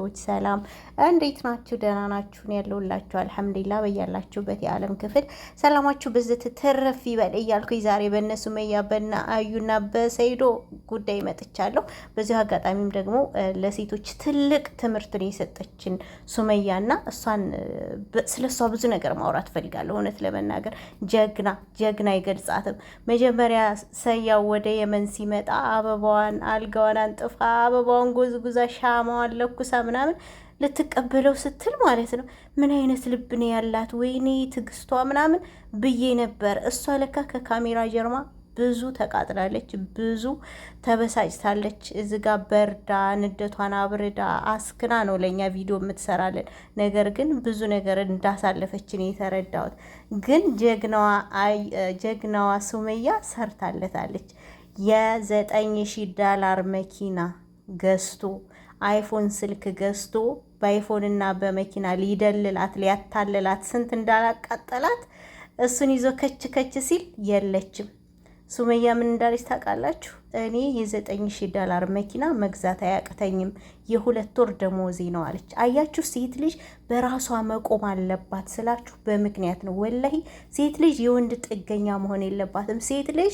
ሰዎች ሰላም እንዴት ናችሁ? ደህና ናችሁን? ያለውላችሁ አልሐምዱሊላ። በያላችሁበት የዓለም ክፍል ሰላማችሁ ብዝት ትርፍ ይበል እያልኩኝ ዛሬ በእነ ሱመያ በእነ አዩና በሰይዶ ጉዳይ መጥቻለሁ። በዚሁ አጋጣሚም ደግሞ ለሴቶች ትልቅ ትምህርትን የሰጠችን ሱመያና እሷን ስለ እሷ ብዙ ነገር ማውራት ፈልጋለሁ። እውነት ለመናገር ጀግና ጀግና አይገልጻትም። መጀመሪያ ሰያው ወደ የመን ሲመጣ አበባዋን አልጋዋን አንጥፋ አበባዋን ጎዝጉዛ ሻማዋን ለኩሳ ምናምን ልትቀበለው ስትል ማለት ነው። ምን አይነት ልብ ነው ያላት? ወይኔ ትግስቷ ምናምን ብዬ ነበር። እሷ ለካ ከካሜራ ጀርማ ብዙ ተቃጥላለች፣ ብዙ ተበሳጭታለች። እዚህ በርዳ ንደቷን አብርዳ አስክና ነው ለእኛ ቪዲዮ የምትሰራለን። ነገር ግን ብዙ ነገር እንዳሳለፈችን የተረዳሁት ግን ጀግናዋ ሱመያ ሰርታለታለች። የዘጠኝ ሺህ ዳላር መኪና ገዝቶ አይፎን ስልክ ገዝቶ በአይፎንና በመኪና ሊደልላት ሊያታልላት ስንት እንዳላቃጠላት እሱን ይዞ ከች ከች ሲል የለችም። ሱመያ ምን እንዳለች ታውቃላችሁ? እኔ የዘጠኝ ሺህ ዶላር መኪና መግዛት አያቅተኝም የሁለት ወር ደሞዜ ነው አለች። አያችሁ፣ ሴት ልጅ በራሷ መቆም አለባት ስላችሁ በምክንያት ነው። ወላሂ ሴት ልጅ የወንድ ጥገኛ መሆን የለባትም። ሴት ልጅ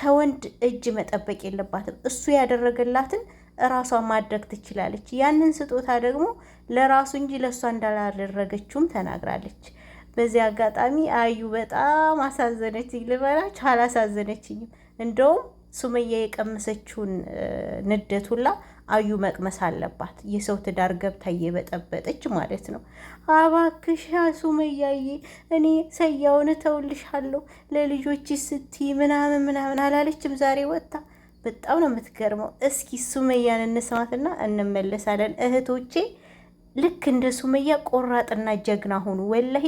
ከወንድ እጅ መጠበቅ የለባትም። እሱ ያደረገላትን እራሷን ማድረግ ትችላለች። ያንን ስጦታ ደግሞ ለራሱ እንጂ ለእሷ እንዳላደረገችውም ተናግራለች። በዚህ አጋጣሚ አዩ በጣም አሳዘነችኝ ልበላች፣ አላሳዘነችኝም። እንደውም ሱመያ የቀመሰችውን ንዴት ሁላ አዩ መቅመስ አለባት። የሰው ትዳር ገብታ እየበጠበጠች ማለት ነው። አባክሽ ሱመያዬ፣ እኔ ሰያውን እተውልሻለሁ ለልጆች ስቲ ምናምን ምናምን አላለችም ዛሬ ወጥታ በጣም ነው የምትገርመው። እስኪ ሱመያን እንስማትና እንመለሳለን። እህቶቼ ልክ እንደ ሱመያ ቆራጥና ጀግና ሆኑ። ወላሂ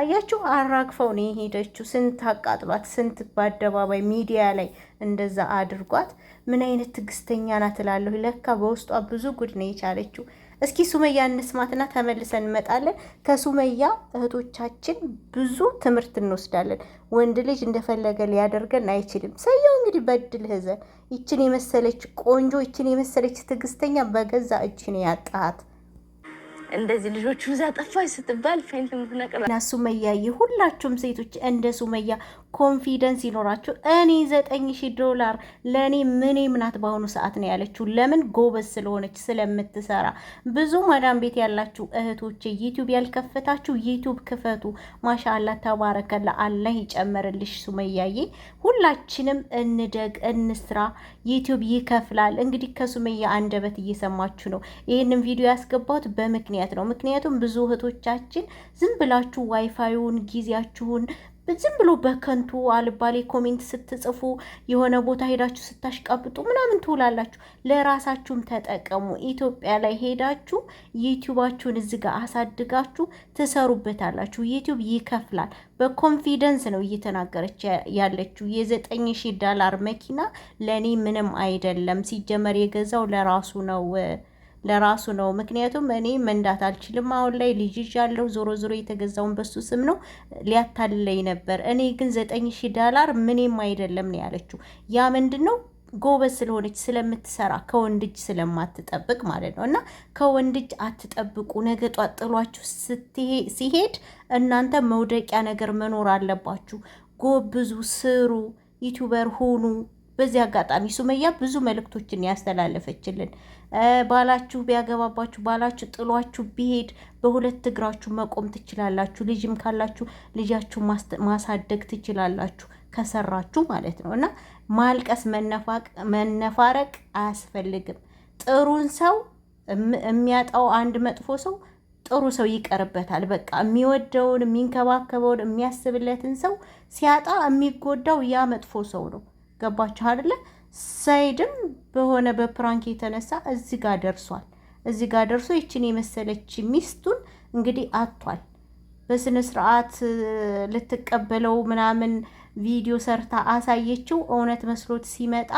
አያችሁ፣ አራግፈው ነው የሄደችው። ስንት አቃጥሏት፣ ስንት በአደባባይ ሚዲያ ላይ እንደዛ አድርጓት። ምን አይነት ትዕግስተኛ ናት እላለሁ። ለካ በውስጧ ብዙ ጉድ ነው የቻለችው። እስኪ ሱመያ እንስማትና ተመልሰን እንመጣለን። ከሱመያ እህቶቻችን ብዙ ትምህርት እንወስዳለን። ወንድ ልጅ እንደፈለገ ሊያደርገን አይችልም። ሰየው እንግዲህ በድል ህዘ ይችን የመሰለች ቆንጆ ይችን የመሰለች ትዕግስተኛ በገዛ እችን ያጣሃት እንደዚህ ልጆቹ እዛ ጠፋች ስትባል ፌንት ምትነቅላ ሱመያ የሁላችሁም ሴቶች እንደ ሱመያ ኮንፊደንስ ይኖራችሁ። እኔ ዘጠኝ ሺህ ዶላር ለእኔ ምኔ ምናት በአሁኑ ሰዓት ነው ያለችው። ለምን ጎበዝ ስለሆነች ስለምትሰራ። ብዙ ማዳም ቤት ያላችሁ እህቶቼ ዩቱብ ያልከፈታችሁ ዩቱብ ክፈቱ። ማሻላ ተባረከላ፣ አላህ ይጨመርልሽ ሱመያዬ። ሁላችንም እንደግ፣ እንስራ። ዩቱብ ይከፍላል። እንግዲህ ከሱመያ አንደበት እየሰማችሁ ነው። ይህንም ቪዲዮ ያስገባሁት በምክንያት ነው። ምክንያቱም ብዙ እህቶቻችን ዝም ብላችሁ ዋይፋዩን ጊዜያችሁን ዝም ብሎ በከንቱ አልባሌ ኮሜንት ስትጽፉ የሆነ ቦታ ሄዳችሁ ስታሽቃብጡ ምናምን ትውላላችሁ። ለራሳችሁም ተጠቀሙ። ኢትዮጵያ ላይ ሄዳችሁ ዩቲዩባችሁን እዚ ጋር አሳድጋችሁ ትሰሩበታላችሁ። ዩቲዩብ ይከፍላል። በኮንፊደንስ ነው እየተናገረች ያለችው። የዘጠኝ ሺህ ዳላር መኪና ለእኔ ምንም አይደለም፣ ሲጀመር የገዛው ለራሱ ነው ለራሱ ነው። ምክንያቱም እኔ መንዳት አልችልም። አሁን ላይ ልጅ ያለው ዞሮ ዞሮ የተገዛውን በሱ ስም ነው። ሊያታልለኝ ነበር። እኔ ግን ዘጠኝ ሺህ ዳላር ምንም አይደለም ነው ያለችው። ያ ምንድን ነው ጎበዝ ስለሆነች ስለምትሰራ ከወንድ እጅ ስለማትጠብቅ ማለት ነው። እና ከወንድ እጅ አትጠብቁ። ነገ ጧት ጥሏችሁ ሲሄድ እናንተ መውደቂያ ነገር መኖር አለባችሁ። ጎብዙ፣ ስሩ፣ ዩቱበር ሁኑ። በዚህ አጋጣሚ ሱመያ ብዙ መልእክቶችን ያስተላለፈችልን፣ ባላችሁ ቢያገባባችሁ፣ ባላችሁ ጥሏችሁ ቢሄድ በሁለት እግራችሁ መቆም ትችላላችሁ፣ ልጅም ካላችሁ ልጃችሁ ማሳደግ ትችላላችሁ፣ ከሰራችሁ ማለት ነው። እና ማልቀስ መነፋረቅ አያስፈልግም። ጥሩን ሰው የሚያጣው አንድ መጥፎ ሰው ጥሩ ሰው ይቀርበታል። በቃ የሚወደውን የሚንከባከበውን የሚያስብለትን ሰው ሲያጣ የሚጎዳው ያ መጥፎ ሰው ነው። ገባችሁ አይደለ? ሰይድም በሆነ በፕራንክ የተነሳ እዚህ ጋር ደርሷል። እዚህ ጋር ደርሶ ይችን የመሰለች ሚስቱን እንግዲህ አቷል። በስነ ስርዓት ልትቀበለው ምናምን ቪዲዮ ሰርታ አሳየችው። እውነት መስሎት ሲመጣ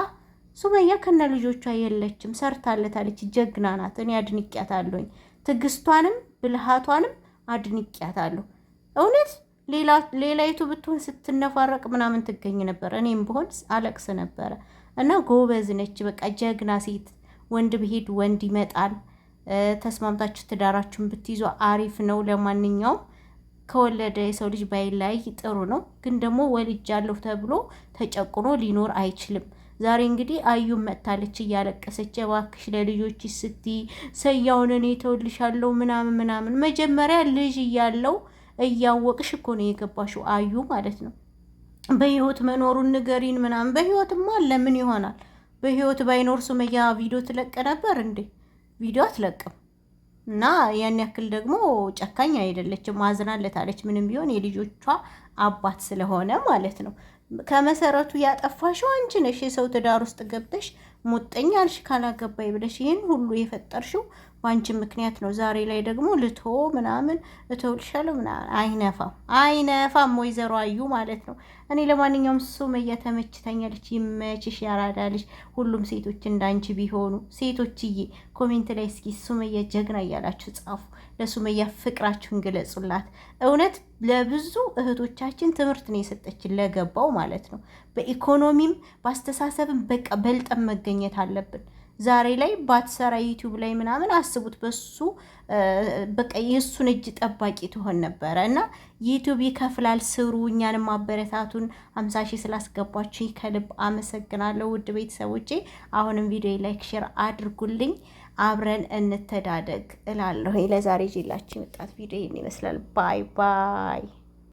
ሱመያ ከነ ልጆቿ የለችም፣ ሰርታለታለች። ጀግና ናት። እኔ አድንቂያታለሁኝ። ትዕግስቷንም ብልሃቷንም አድንቂያታለሁ እውነት ሌላይቱ ብትሆን ስትነፋረቅ ምናምን ትገኝ ነበር። እኔም ብሆን አለቅስ ነበረ። እና ጎበዝ ነች፣ በቃ ጀግና ሴት። ወንድ ብሄድ ወንድ ይመጣል። ተስማምታችሁ ትዳራችሁን ብትይዙ አሪፍ ነው። ለማንኛውም ከወለደ የሰው ልጅ ባይለያይ ጥሩ ነው። ግን ደግሞ ወልጃለሁ ተብሎ ተጨቁኖ ሊኖር አይችልም። ዛሬ እንግዲህ አዩም መታለች እያለቀሰች እባክሽ ለልጆች ስቲ ሰያውን እኔ ተወልሻለሁ ምናምን ምናምን መጀመሪያ ልጅ እያለው እያወቅሽ እኮ ነው የገባሽው አዩ ማለት ነው። በህይወት መኖሩን ንገሪን ምናምን። በህይወትማ ለምን ይሆናል? በህይወት ባይኖር ሱመያ ቪዲዮ ትለቅ ነበር እንዴ? ቪዲዮ አትለቅም። እና ያን ያክል ደግሞ ጨካኝ አይደለችም። አዝናለታለች። ምንም ቢሆን የልጆቿ አባት ስለሆነ ማለት ነው። ከመሰረቱ ያጠፋሽው አንቺ ነሽ። የሰው ትዳር ውስጥ ገብተሽ ሙጠኛ አልሽ ካላገባይ ብለሽ ይህን ሁሉ የፈጠርሽው በአንቺ ምክንያት ነው ዛሬ ላይ ደግሞ ልቶ ምናምን እተውልሻለሁ ምናምን አይነፋም አይነፋም ወይዘሮ አዩ ማለት ነው። እኔ ለማንኛውም ሱመያ ተመችታኛለች። ይመችሽ ያራዳልሽ ሁሉም ሴቶች እንዳንቺ ቢሆኑ ሴቶችዬ፣ ኮሜንት ላይ እስኪ ሱመያ ጀግና እያላችሁ ጻፉ። ለሱመያ ፍቅራችሁን ግለጹላት። እውነት ለብዙ እህቶቻችን ትምህርት ነው የሰጠችን ለገባው ማለት ነው። በኢኮኖሚም በአስተሳሰብም በቃ በልጠን መገኘት አለብን። ዛሬ ላይ ባትሰራ ዩቲዩብ ላይ ምናምን አስቡት። በሱ በቃ የእሱን እጅ ጠባቂ ትሆን ነበረ እና ዩቲዩብ ይከፍላል። ስሩ፣ እኛን ማበረታቱን። አምሳ ሺህ ስላስገባችሁኝ ከልብ አመሰግናለሁ ውድ ቤተሰቦቼ። አሁንም ቪዲዮ ላይክ፣ ሼር አድርጉልኝ። አብረን እንተዳደግ እላለሁ። ለዛሬ ጅላችን የመጣት ቪዲዮ ይመስላል። ባይ ባይ